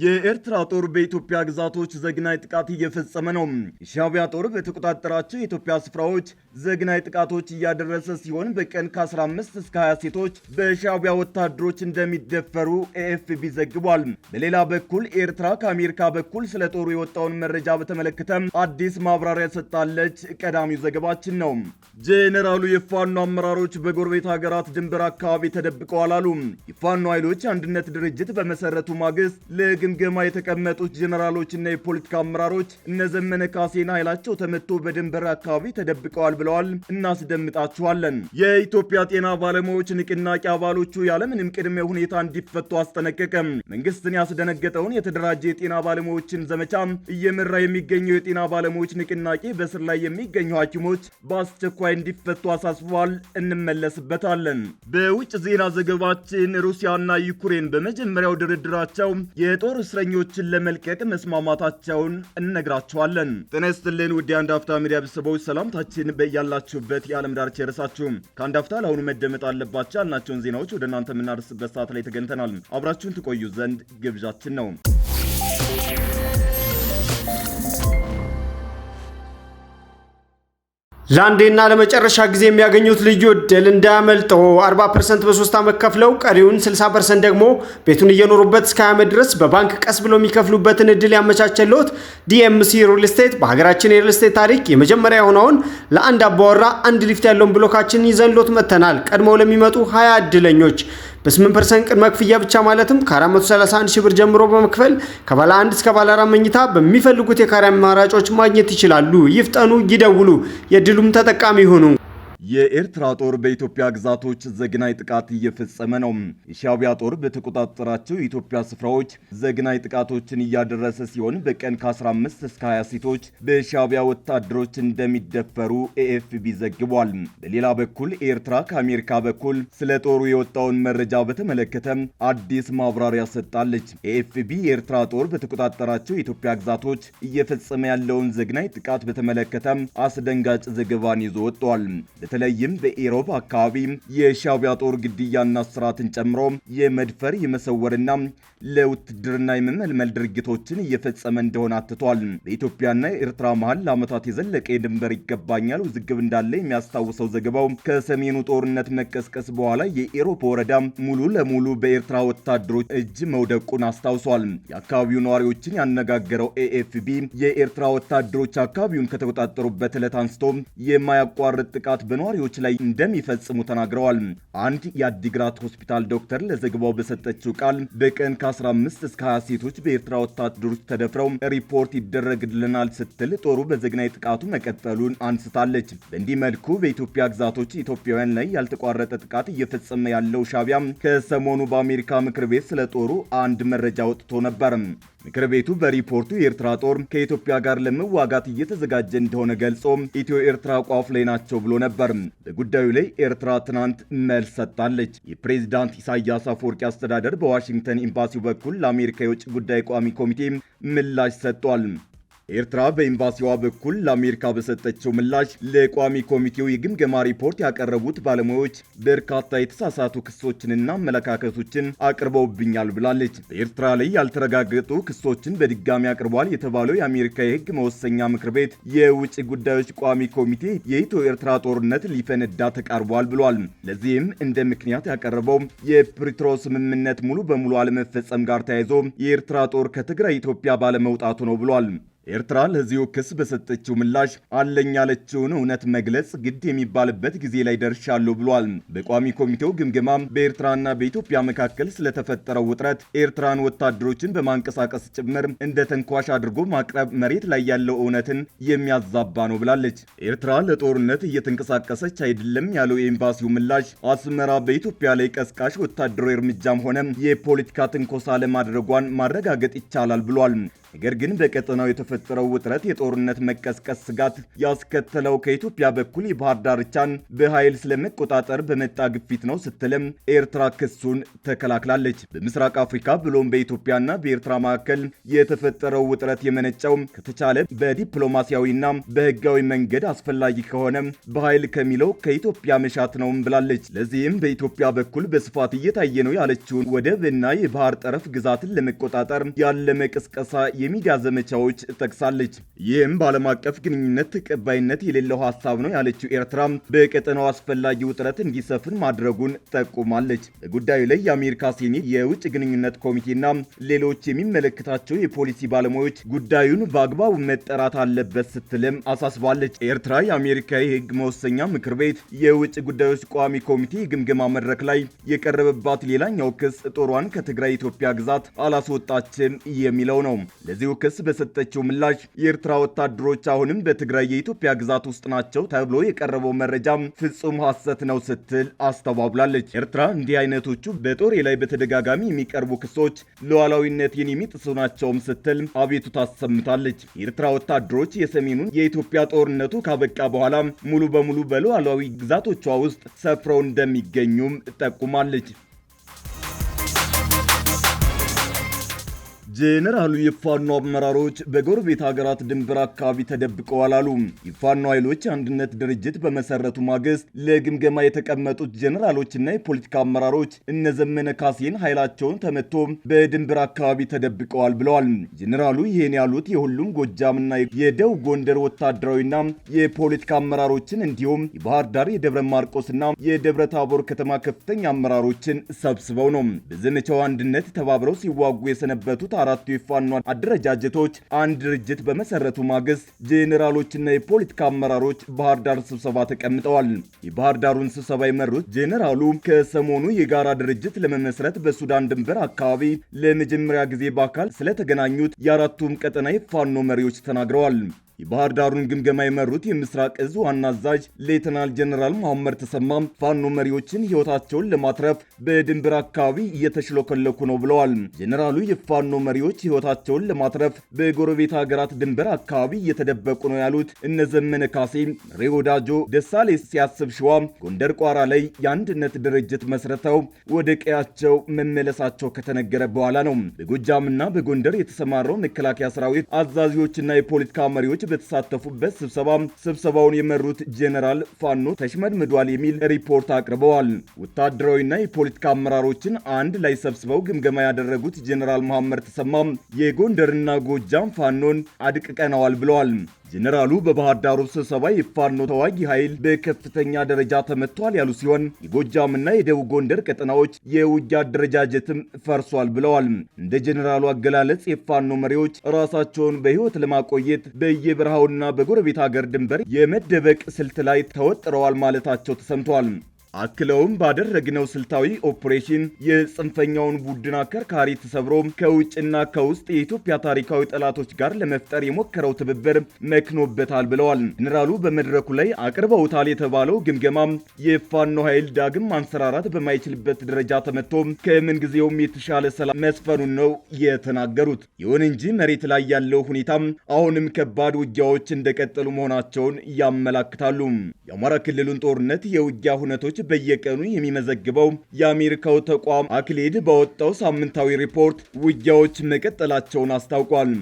የኤርትራ ጦር በኢትዮጵያ ግዛቶች ዘግናይ ጥቃት እየፈጸመ ነው። የሻቢያ ጦር በተቆጣጠራቸው የኢትዮጵያ ስፍራዎች ዘግናይ ጥቃቶች እያደረሰ ሲሆን በቀን ከ15 እስከ 20 ሴቶች በሻቢያ ወታደሮች እንደሚደፈሩ ኤኤፍቢ ዘግቧል። በሌላ በኩል ኤርትራ ከአሜሪካ በኩል ስለ ጦሩ የወጣውን መረጃ በተመለከተ አዲስ ማብራሪያ ሰጥታለች። ቀዳሚው ዘገባችን ነው። ጄኔራሉ የፋኖ አመራሮች በጎረቤት ሀገራት ድንበር አካባቢ ተደብቀዋል አሉ። የፋኖ ኃይሎች አንድነት ድርጅት በመሰረቱ ማግስት ግምገማ የተቀመጡት እና የፖለቲካ አመራሮች እነ ዘመነ ካሴን ኃይላቸው ተመቶ በድንበር አካባቢ ተደብቀዋል ብለዋል። እናስደምጣችኋለን። የኢትዮጵያ ጤና ባለሙያዎች ንቅናቄ አባሎቹ ያለምንም ቅድመ ሁኔታ እንዲፈቱ አስጠነቀቀም። መንግስትን ያስደነገጠውን የተደራጀ የጤና ባለሙያዎችን ዘመቻ እየመራ የሚገኘው የጤና ባለሙያዎች ንቅናቄ በስር ላይ የሚገኙ ሐኪሞች በአስቸኳይ እንዲፈቱ አሳስበዋል። እንመለስበታለን። በውጭ ዜና ዘገባችን ሩሲያና ዩክሬን በመጀመሪያው ድርድራቸው የጦር የታሰሩ እስረኞችን ለመልቀቅ መስማማታቸውን እነግራቸዋለን። ጤና ይስጥልን ውድ የአንድ አፍታ ሚዲያ ቤተሰቦች ሰላምታችን በያላችሁበት የዓለም ዳርቻ ይድረሳችሁ። ከአንድ አፍታ ለአሁኑ መደመጥ አለባቸው ያልናቸውን ዜናዎች ወደ እናንተ የምናደርስበት ሰዓት ላይ ተገኝተናል። አብራችሁን ትቆዩ ዘንድ ግብዣችን ነው። ለአንዴና ለመጨረሻ ጊዜ የሚያገኙት ልዩ እድል እንዳያመልጠው 40 ፐርሰንት በሶስት ዓመት ከፍለው ቀሪውን 60 ፐርሰንት ደግሞ ቤቱን እየኖሩበት እስከ ዓመት ድረስ በባንክ ቀስ ብሎ የሚከፍሉበትን እድል ያመቻቸልዎት ዲኤምሲ ሪል ስቴት በሀገራችን የሪል ስቴት ታሪክ የመጀመሪያ የሆነውን ለአንድ አባወራ አንድ ሊፍት ያለውን ብሎካችን ይዘንሎት መጥተናል። ቀድመው ለሚመጡ 20 እድለኞች በ8 ፐርሰንት ቅድመ ክፍያ ብቻ ማለትም ከ431 ሺህ ብር ጀምሮ በመክፈል ከባለ 1 እስከ ባለ 4 መኝታ በሚፈልጉት የካሬ አማራጮች ማግኘት ይችላሉ። ይፍጠኑ፣ ይደውሉ፣ የድሉም ተጠቃሚ ይሁኑ። የኤርትራ ጦር በኢትዮጵያ ግዛቶች ዘግናይ ጥቃት እየፈጸመ ነው። የሻቢያ ጦር በተቆጣጠራቸው የኢትዮጵያ ስፍራዎች ዘግናይ ጥቃቶችን እያደረሰ ሲሆን በቀን ከ15 እስከ 20 ሴቶች በሻቢያ ወታደሮች እንደሚደፈሩ ኤኤፍቢ ዘግቧል። በሌላ በኩል ኤርትራ ከአሜሪካ በኩል ስለ ጦሩ የወጣውን መረጃ በተመለከተ አዲስ ማብራሪያ ሰጣለች። ኤኤፍቢ የኤርትራ ጦር በተቆጣጠራቸው የኢትዮጵያ ግዛቶች እየፈጸመ ያለውን ዘግናይ ጥቃት በተመለከተ አስደንጋጭ ዘገባን ይዞ ወጥቷል። በተለይም በኢሮብ አካባቢ የሻቢያ ጦር ግድያና ስርዓትን ጨምሮ የመድፈር የመሰወርና ለውትድርና የመመልመል ድርጊቶችን እየፈጸመ እንደሆነ አትቷል። በኢትዮጵያና ኤርትራ መሀል ለዓመታት የዘለቀ የድንበር ይገባኛል ውዝግብ እንዳለ የሚያስታውሰው ዘገባው ከሰሜኑ ጦርነት መቀስቀስ በኋላ የኢሮብ ወረዳ ሙሉ ለሙሉ በኤርትራ ወታደሮች እጅ መውደቁን አስታውሷል። የአካባቢው ነዋሪዎችን ያነጋገረው ኤኤፍቢ የኤርትራ ወታደሮች አካባቢውን ከተቆጣጠሩበት ዕለት አንስቶ የማያቋርጥ ጥቃት በነ ነዋሪዎች ላይ እንደሚፈጽሙ ተናግረዋል። አንድ የአዲግራት ሆስፒታል ዶክተር ለዘግባው በሰጠችው ቃል በቀን ከ15 እስከ 20 ሴቶች በኤርትራ ወታደሮች ተደፍረው ሪፖርት ይደረግልናል ስትል ጦሩ በዘግናይ ጥቃቱ መቀጠሉን አንስታለች። በእንዲህ መልኩ በኢትዮጵያ ግዛቶች ኢትዮጵያውያን ላይ ያልተቋረጠ ጥቃት እየፈጸመ ያለው ሻቢያ ከሰሞኑ በአሜሪካ ምክር ቤት ስለ ጦሩ አንድ መረጃ ወጥቶ ነበር። ምክር ቤቱ በሪፖርቱ የኤርትራ ጦር ከኢትዮጵያ ጋር ለመዋጋት እየተዘጋጀ እንደሆነ ገልጾ ኢትዮ ኤርትራ ቋፍ ላይ ናቸው ብሎ ነበር። በጉዳዩ ላይ ኤርትራ ትናንት መልስ ሰጥታለች። የፕሬዚዳንት ኢሳያስ አፈወርቂ አስተዳደር በዋሽንግተን ኤምባሲው በኩል ለአሜሪካ የውጭ ጉዳይ ቋሚ ኮሚቴ ምላሽ ሰጥቷል። ኤርትራ በኤምባሲዋ በኩል ለአሜሪካ በሰጠችው ምላሽ ለቋሚ ኮሚቴው የግምገማ ሪፖርት ያቀረቡት ባለሙያዎች በርካታ የተሳሳቱ ክሶችንና አመለካከቶችን አቅርበውብኛል ብላለች። በኤርትራ ላይ ያልተረጋገጡ ክሶችን በድጋሚ አቅርቧል የተባለው የአሜሪካ የህግ መወሰኛ ምክር ቤት የውጭ ጉዳዮች ቋሚ ኮሚቴ የኢትዮ ኤርትራ ጦርነት ሊፈነዳ ተቃርቧል ብሏል። ለዚህም እንደ ምክንያት ያቀረበው የፕሪትሮ ስምምነት ሙሉ በሙሉ አለመፈጸም ጋር ተያይዞ የኤርትራ ጦር ከትግራይ ኢትዮጵያ ባለመውጣቱ ነው ብሏል። ኤርትራ ለዚሁ ክስ በሰጠችው ምላሽ አለኝ ያለችውን እውነት መግለጽ ግድ የሚባልበት ጊዜ ላይ ደርሻለሁ ብሏል። በቋሚ ኮሚቴው ግምገማም በኤርትራና በኢትዮጵያ መካከል ስለተፈጠረው ውጥረት ኤርትራን ወታደሮችን በማንቀሳቀስ ጭምር እንደ ተንኳሽ አድርጎ ማቅረብ መሬት ላይ ያለው እውነትን የሚያዛባ ነው ብላለች። ኤርትራ ለጦርነት እየተንቀሳቀሰች አይደለም ያለው የኤምባሲው ምላሽ አስመራ በኢትዮጵያ ላይ ቀስቃሽ ወታደራዊ እርምጃም ሆነ የፖለቲካ ትንኮሳ ለማድረጓን ማረጋገጥ ይቻላል ብሏል። ነገር ግን በቀጠናው የተፈ የተፈጠረው ውጥረት የጦርነት መቀስቀስ ስጋት ያስከተለው ከኢትዮጵያ በኩል የባህር ዳርቻን በኃይል ስለመቆጣጠር በመጣ ግፊት ነው ስትልም ኤርትራ ክሱን ተከላክላለች። በምስራቅ አፍሪካ ብሎም በኢትዮጵያና በኤርትራ መካከል የተፈጠረው ውጥረት የመነጨው ከተቻለ በዲፕሎማሲያዊና በህጋዊ መንገድ አስፈላጊ ከሆነ በኃይል ከሚለው ከኢትዮጵያ መሻት ነውም ብላለች። ለዚህም በኢትዮጵያ በኩል በስፋት እየታየ ነው ያለችውን ወደብና የባህር ጠረፍ ግዛትን ለመቆጣጠር ያለመቀስቀሳ የሚዲያ ዘመቻዎች ጠቅሳለች። ይህም በዓለም አቀፍ ግንኙነት ተቀባይነት የሌለው ሀሳብ ነው ያለችው ኤርትራ በቀጠናው አስፈላጊ ውጥረት እንዲሰፍን ማድረጉን ጠቁማለች። በጉዳዩ ላይ የአሜሪካ ሴኔት የውጭ ግንኙነት ኮሚቴና ሌሎች የሚመለከታቸው የፖሊሲ ባለሙያዎች ጉዳዩን በአግባቡ መጠራት አለበት ስትልም አሳስባለች። ኤርትራ የአሜሪካ የህግ መወሰኛ ምክር ቤት የውጭ ጉዳዮች ቋሚ ኮሚቴ የግምገማ መድረክ ላይ የቀረበባት ሌላኛው ክስ ጦሯን ከትግራይ ኢትዮጵያ ግዛት አላስወጣችም የሚለው ነው። ለዚሁ ክስ በሰጠችው ምላሽ የኤርትራ ወታደሮች አሁንም በትግራይ የኢትዮጵያ ግዛት ውስጥ ናቸው ተብሎ የቀረበው መረጃም ፍጹም ሐሰት ነው ስትል አስተባብላለች። ኤርትራ እንዲህ አይነቶቹ በጦሬ ላይ በተደጋጋሚ የሚቀርቡ ክሶች ሉዓላዊነቴን የሚጥሱ ናቸውም ስትል አቤቱታ አሰምታለች። የኤርትራ ወታደሮች የሰሜኑን የኢትዮጵያ ጦርነቱ ካበቃ በኋላ ሙሉ በሙሉ በሉዓላዊ ግዛቶቿ ውስጥ ሰፍረው እንደሚገኙም ጠቁማለች። ጄኔራሉ የፋኖ አመራሮች በጎረቤት ሀገራት ድንበር አካባቢ ተደብቀዋል አሉ። የፋኖ ኃይሎች አንድነት ድርጅት በመሰረቱ ማግስት ለግምገማ የተቀመጡት ጄኔራሎችና የፖለቲካ አመራሮች እነዘመነ ካሴን ኃይላቸውን ተመቶ በድንበር አካባቢ ተደብቀዋል ብለዋል። ጄኔራሉ ይህን ያሉት የሁሉም ጎጃምና የደቡብ ጎንደር ወታደራዊና የፖለቲካ አመራሮችን እንዲሁም የባህር ዳር፣ የደብረ ማርቆስና የደብረ ታቦር ከተማ ከፍተኛ አመራሮችን ሰብስበው ነው። በዘመቻው አንድነት ተባብረው ሲዋጉ የሰነበቱት አራቱ የፋኖ አደረጃጀቶች አንድ ድርጅት በመሰረቱ ማግስት ጄኔራሎችና የፖለቲካ አመራሮች ባህር ዳር ስብሰባ ተቀምጠዋል። የባህር ዳሩን ስብሰባ የመሩት ጄኔራሉ ከሰሞኑ የጋራ ድርጅት ለመመስረት በሱዳን ድንበር አካባቢ ለመጀመሪያ ጊዜ በአካል ስለተገናኙት የአራቱም ቀጠና የፋኖ መሪዎች ተናግረዋል። የባህር ዳሩን ግምገማ የመሩት የምስራቅ እዝ ዋና አዛዥ ሌተናል ጀነራል መሐመድ ተሰማ ፋኖ መሪዎችን ሕይወታቸውን ለማትረፍ በድንበር አካባቢ እየተሽለከለኩ ነው ብለዋል። ጀነራሉ የፋኖ መሪዎች ሕይወታቸውን ለማትረፍ በጎረቤት ሀገራት ድንበር አካባቢ እየተደበቁ ነው ያሉት እነ ዘመነ ካሴ፣ ሬ ወዳጆ፣ ደሳሌ ሲያስብ ሸዋ፣ ጎንደር ቋራ ላይ የአንድነት ድርጅት መስረተው ወደ ቀያቸው መመለሳቸው ከተነገረ በኋላ ነው። በጎጃምና በጎንደር የተሰማራው መከላከያ ሰራዊት አዛዦችና የፖለቲካ መሪዎች በተሳተፉበት ስብሰባ ስብሰባውን የመሩት ጄኔራል ፋኖ ተሽመድምዷል የሚል ሪፖርት አቅርበዋል። ወታደራዊና የፖለቲካ አመራሮችን አንድ ላይ ሰብስበው ግምገማ ያደረጉት ጄኔራል መሐመድ ተሰማም የጎንደርና ጎጃም ፋኖን አድቅቀነዋል ብለዋል። ጀኔራሉ በባህር ዳሩ ስብሰባ የፋኖ ተዋጊ ኃይል በከፍተኛ ደረጃ ተመቷል ያሉ ሲሆን የጎጃምና የደቡብ ጎንደር ቀጠናዎች የውጊያ አደረጃጀትም ፈርሷል ብለዋል። እንደ ጀኔራሉ አገላለጽ የፋኖ መሪዎች ራሳቸውን በሕይወት ለማቆየት በየበረሃውና በጎረቤት ሀገር ድንበር የመደበቅ ስልት ላይ ተወጥረዋል ማለታቸው ተሰምተዋል። አክለውም ባደረግነው ስልታዊ ኦፕሬሽን የጽንፈኛውን ቡድን አከርካሪ ተሰብሮ ከውጭና ከውስጥ የኢትዮጵያ ታሪካዊ ጠላቶች ጋር ለመፍጠር የሞከረው ትብብር መክኖበታል ብለዋል። ጀኔራሉ በመድረኩ ላይ አቅርበውታል የተባለው ግምገማ የፋኖ ኃይል ዳግም ማንሰራራት በማይችልበት ደረጃ ተመቶ ከምንጊዜውም የተሻለ ሰላም መስፈኑን ነው የተናገሩት። ይሁን እንጂ መሬት ላይ ያለው ሁኔታም አሁንም ከባድ ውጊያዎች እንደቀጠሉ መሆናቸውን ያመላክታሉ። የአማራ ክልሉን ጦርነት የውጊያ ሁነቶች በየቀኑ የሚመዘግበው የአሜሪካው ተቋም አክሌድ ባወጣው ሳምንታዊ ሪፖርት ውጊያዎች መቀጠላቸውን አስታውቋል።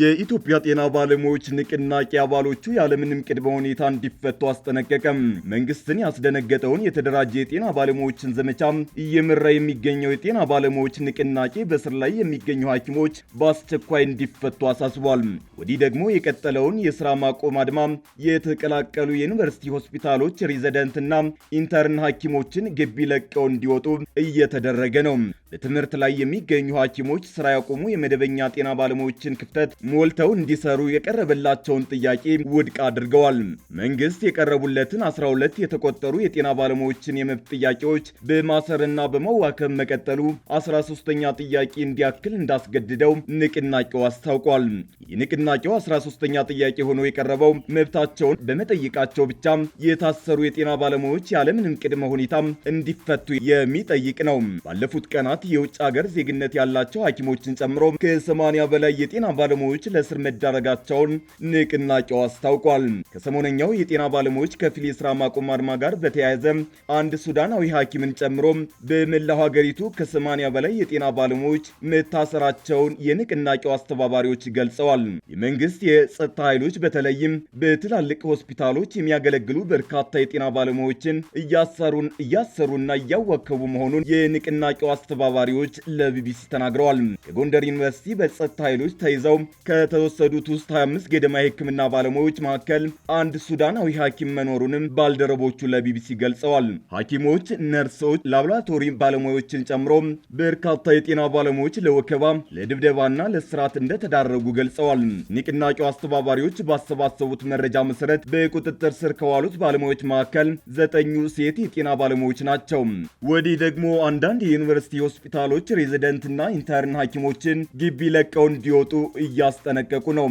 የኢትዮጵያ ጤና ባለሙያዎች ንቅናቄ አባሎቹ ያለምንም ቅድመ ሁኔታ እንዲፈቱ አስጠነቀቀም። መንግስትን ያስደነገጠውን የተደራጀ የጤና ባለሙያዎችን ዘመቻ እየመራ የሚገኘው የጤና ባለሙያዎች ንቅናቄ በስር ላይ የሚገኙ ሐኪሞች በአስቸኳይ እንዲፈቱ አሳስቧል። ወዲህ ደግሞ የቀጠለውን የስራ ማቆም አድማ የተቀላቀሉ የዩኒቨርሲቲ ሆስፒታሎች ሬዚደንትና ኢንተርን ሐኪሞችን ግቢ ለቀው እንዲወጡ እየተደረገ ነው። በትምህርት ላይ የሚገኙ ሐኪሞች ስራ ያቆሙ የመደበኛ ጤና ባለሙያዎችን ክፍተት ሞልተው እንዲሰሩ የቀረበላቸውን ጥያቄ ውድቅ አድርገዋል። መንግስት የቀረቡለትን 12 የተቆጠሩ የጤና ባለሙያዎችን የመብት ጥያቄዎች በማሰርና በመዋከብ መቀጠሉ 13ኛ ጥያቄ እንዲያክል እንዳስገድደው ንቅናቄው አስታውቋል። የንቅናቄው 13ኛ ጥያቄ ሆኖ የቀረበው መብታቸውን በመጠየቃቸው ብቻ የታሰሩ የጤና ባለሙያዎች ያለምንም ቅድመ ሁኔታ እንዲፈቱ የሚጠይቅ ነው። ባለፉት ቀናት የውጭ ሀገር ዜግነት ያላቸው ሐኪሞችን ጨምሮ ከ80 በላይ የጤና ባለሙያዎች ባለሙያዎች ለእስር መዳረጋቸውን ንቅናቄው አስታውቋል። ከሰሞነኛው የጤና ባለሙያዎች ከፊል የስራ ማቆም አድማ ጋር በተያያዘ አንድ ሱዳናዊ ሐኪምን ጨምሮ በመላው ሀገሪቱ ከ80 በላይ የጤና ባለሙያዎች መታሰራቸውን የንቅናቄው አስተባባሪዎች ገልጸዋል። የመንግስት የጸጥታ ኃይሎች በተለይም በትላልቅ ሆስፒታሎች የሚያገለግሉ በርካታ የጤና ባለሙያዎችን እያሰሩን እያሰሩና እያዋከቡ መሆኑን የንቅናቄው አስተባባሪዎች ለቢቢሲ ተናግረዋል። የጎንደር ዩኒቨርሲቲ በጸጥታ ኃይሎች ተይዘው ከተወሰዱት ውስጥ 25 ገደማ የሕክምና ባለሙያዎች መካከል አንድ ሱዳናዊ ሐኪም መኖሩንም ባልደረቦቹ ለቢቢሲ ገልጸዋል። ሐኪሞች፣ ነርሶች፣ ላብራቶሪ ባለሙያዎችን ጨምሮ በርካታ የጤና ባለሙያዎች ለወከባ ለድብደባና ለስርዓት እንደተዳረጉ ገልጸዋል። ንቅናቄው አስተባባሪዎች ባሰባሰቡት መረጃ መሰረት በቁጥጥር ስር ከዋሉት ባለሙያዎች መካከል ዘጠኙ ሴት የጤና ባለሙያዎች ናቸው። ወዲህ ደግሞ አንዳንድ የዩኒቨርሲቲ ሆስፒታሎች ሬዚደንትና ኢንተርን ሐኪሞችን ግቢ ለቀው እንዲወጡ እያስ እያስጠነቀቁ ነው።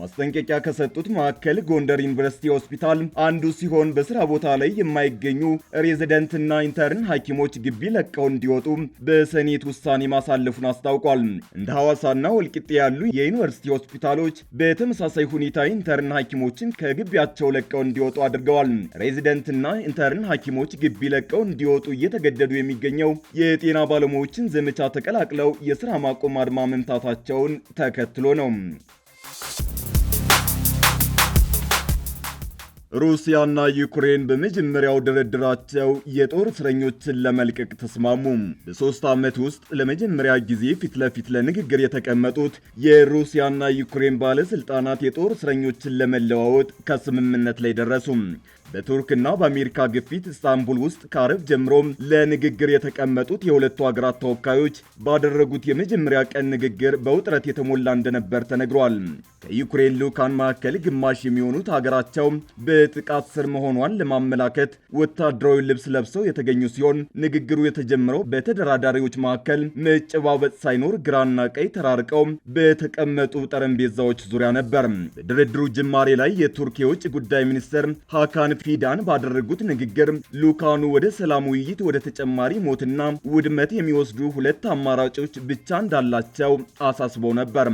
ማስጠንቀቂያ ከሰጡት መካከል ጎንደር ዩኒቨርሲቲ ሆስፒታል አንዱ ሲሆን በስራ ቦታ ላይ የማይገኙ ሬዚደንትና ኢንተርን ሐኪሞች ግቢ ለቀው እንዲወጡ በሰኔት ውሳኔ ማሳለፉን አስታውቋል። እንደ ሐዋሳና ወልቂጤ ያሉ የዩኒቨርሲቲ ሆስፒታሎች በተመሳሳይ ሁኔታ ኢንተርን ሐኪሞችን ከግቢያቸው ለቀው እንዲወጡ አድርገዋል። ሬዚደንትና ኢንተርን ሐኪሞች ግቢ ለቀው እንዲወጡ እየተገደዱ የሚገኘው የጤና ባለሙያዎችን ዘመቻ ተቀላቅለው የስራ ማቆም አድማ መምታታቸውን ተከትሎ ነው። ሩሲያና ዩክሬን በመጀመሪያው ድርድራቸው የጦር እስረኞችን ለመልቀቅ ተስማሙ። በሶስት ዓመት ውስጥ ለመጀመሪያ ጊዜ ፊት ለፊት ለንግግር የተቀመጡት የሩሲያና ዩክሬን ባለስልጣናት የጦር እስረኞችን ለመለዋወጥ ከስምምነት ላይ ደረሱ። በቱርክና በአሜሪካ ግፊት ኢስታንቡል ውስጥ ከአረብ ጀምሮ ለንግግር የተቀመጡት የሁለቱ ሀገራት ተወካዮች ባደረጉት የመጀመሪያ ቀን ንግግር በውጥረት የተሞላ እንደነበር ተነግሯል። ከዩክሬን ልዑካን መካከል ግማሽ የሚሆኑት ሀገራቸው በጥቃት ስር መሆኗን ለማመላከት ወታደራዊ ልብስ ለብሰው የተገኙ ሲሆን ንግግሩ የተጀመረው በተደራዳሪዎች መካከል መጨባበጥ ሳይኖር ግራና ቀይ ተራርቀው በተቀመጡ ጠረጴዛዎች ዙሪያ ነበር። በድርድሩ ጅማሬ ላይ የቱርክ የውጭ ጉዳይ ሚኒስትር ሀካን ፊዳን ባደረጉት ንግግር ልኡካኑ ወደ ሰላም ውይይት ወደ ተጨማሪ ሞትና ውድመት የሚወስዱ ሁለት አማራጮች ብቻ እንዳላቸው አሳስበው ነበር።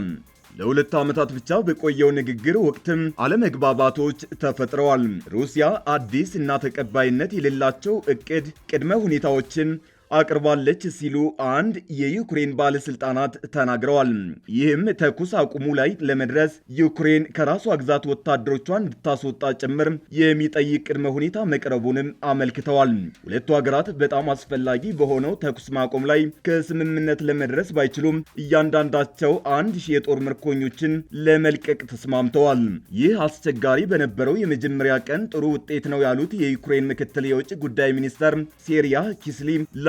ለሁለት ዓመታት ብቻ በቆየው ንግግር ወቅትም አለመግባባቶች ተፈጥረዋል። ሩሲያ አዲስ እና ተቀባይነት የሌላቸው እቅድ ቅድመ ሁኔታዎችን አቅርባለች ሲሉ አንድ የዩክሬን ባለስልጣናት ተናግረዋል። ይህም ተኩስ አቁሙ ላይ ለመድረስ ዩክሬን ከራሷ ግዛት ወታደሮቿን እንድታስወጣ ጭምር የሚጠይቅ ቅድመ ሁኔታ መቅረቡንም አመልክተዋል። ሁለቱ ሀገራት በጣም አስፈላጊ በሆነው ተኩስ ማቆም ላይ ከስምምነት ለመድረስ ባይችሉም እያንዳንዳቸው አንድ ሺህ የጦር ምርኮኞችን ለመልቀቅ ተስማምተዋል። ይህ አስቸጋሪ በነበረው የመጀመሪያ ቀን ጥሩ ውጤት ነው ያሉት የዩክሬን ምክትል የውጭ ጉዳይ ሚኒስተር ሴሪያ ኪስሊ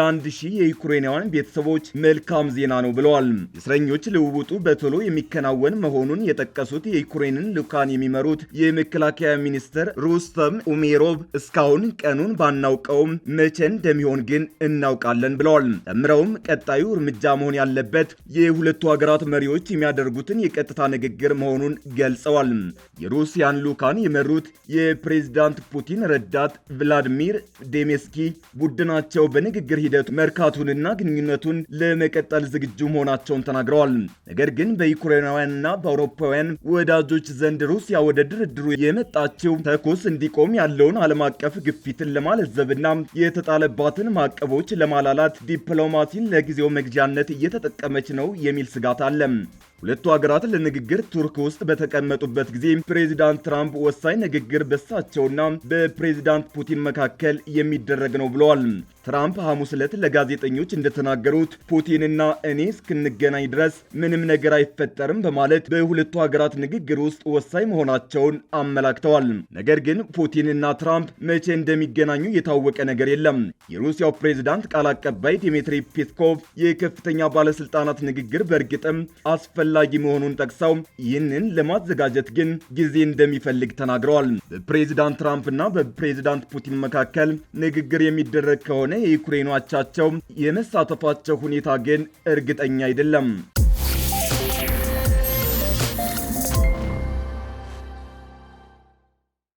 ለአንድ ሺህ የዩክሬናውያን ቤተሰቦች መልካም ዜና ነው ብለዋል። እስረኞች ልውውጡ በቶሎ የሚከናወን መሆኑን የጠቀሱት የዩክሬንን ልካን የሚመሩት የመከላከያ ሚኒስትር ሩስተም ኡሜሮቭ እስካሁን ቀኑን ባናውቀውም መቼ እንደሚሆን ግን እናውቃለን ብለዋል። ተምረውም ቀጣዩ እርምጃ መሆን ያለበት የሁለቱ ሀገራት መሪዎች የሚያደርጉትን የቀጥታ ንግግር መሆኑን ገልጸዋል። የሩሲያን ልዑካን የመሩት የፕሬዚዳንት ፑቲን ረዳት ቭላዲሚር ዴሜስኪ ቡድናቸው በንግግር ሂደ መርካቱንና ግንኙነቱን ለመቀጠል ዝግጁ መሆናቸውን ተናግረዋል። ነገር ግን በዩክሬናውያንና በአውሮፓውያን ወዳጆች ዘንድ ሩሲያ ወደ ድርድሩ የመጣችው ተኩስ እንዲቆም ያለውን ዓለም አቀፍ ግፊትን ለማለዘብና የተጣለባትን ማዕቀቦች ለማላላት ዲፕሎማሲን ለጊዜው መግዣነት እየተጠቀመች ነው የሚል ስጋት አለ። ሁለቱ ሀገራት ለንግግር ቱርክ ውስጥ በተቀመጡበት ጊዜ ፕሬዚዳንት ትራምፕ ወሳኝ ንግግር በሳቸውና በፕሬዚዳንት ፑቲን መካከል የሚደረግ ነው ብለዋል። ትራምፕ ሐሙስ ዕለት ለጋዜጠኞች እንደተናገሩት ፑቲንና እኔ እስክንገናኝ ድረስ ምንም ነገር አይፈጠርም በማለት በሁለቱ ሀገራት ንግግር ውስጥ ወሳኝ መሆናቸውን አመላክተዋል። ነገር ግን ፑቲንና ትራምፕ መቼ እንደሚገናኙ የታወቀ ነገር የለም። የሩሲያው ፕሬዚዳንት ቃል አቀባይ ዲሚትሪ ፔስኮቭ የከፍተኛ ባለስልጣናት ንግግር በእርግጥም አስፈ አስፈላጊ መሆኑን ጠቅሰው ይህንን ለማዘጋጀት ግን ጊዜ እንደሚፈልግ ተናግረዋል። በፕሬዚዳንት እና በፕሬዚዳንት ፑቲን መካከል ንግግር የሚደረግ ከሆነ የዩክሬኑ የመሳተፋቸው ሁኔታ ግን እርግጠኛ አይደለም።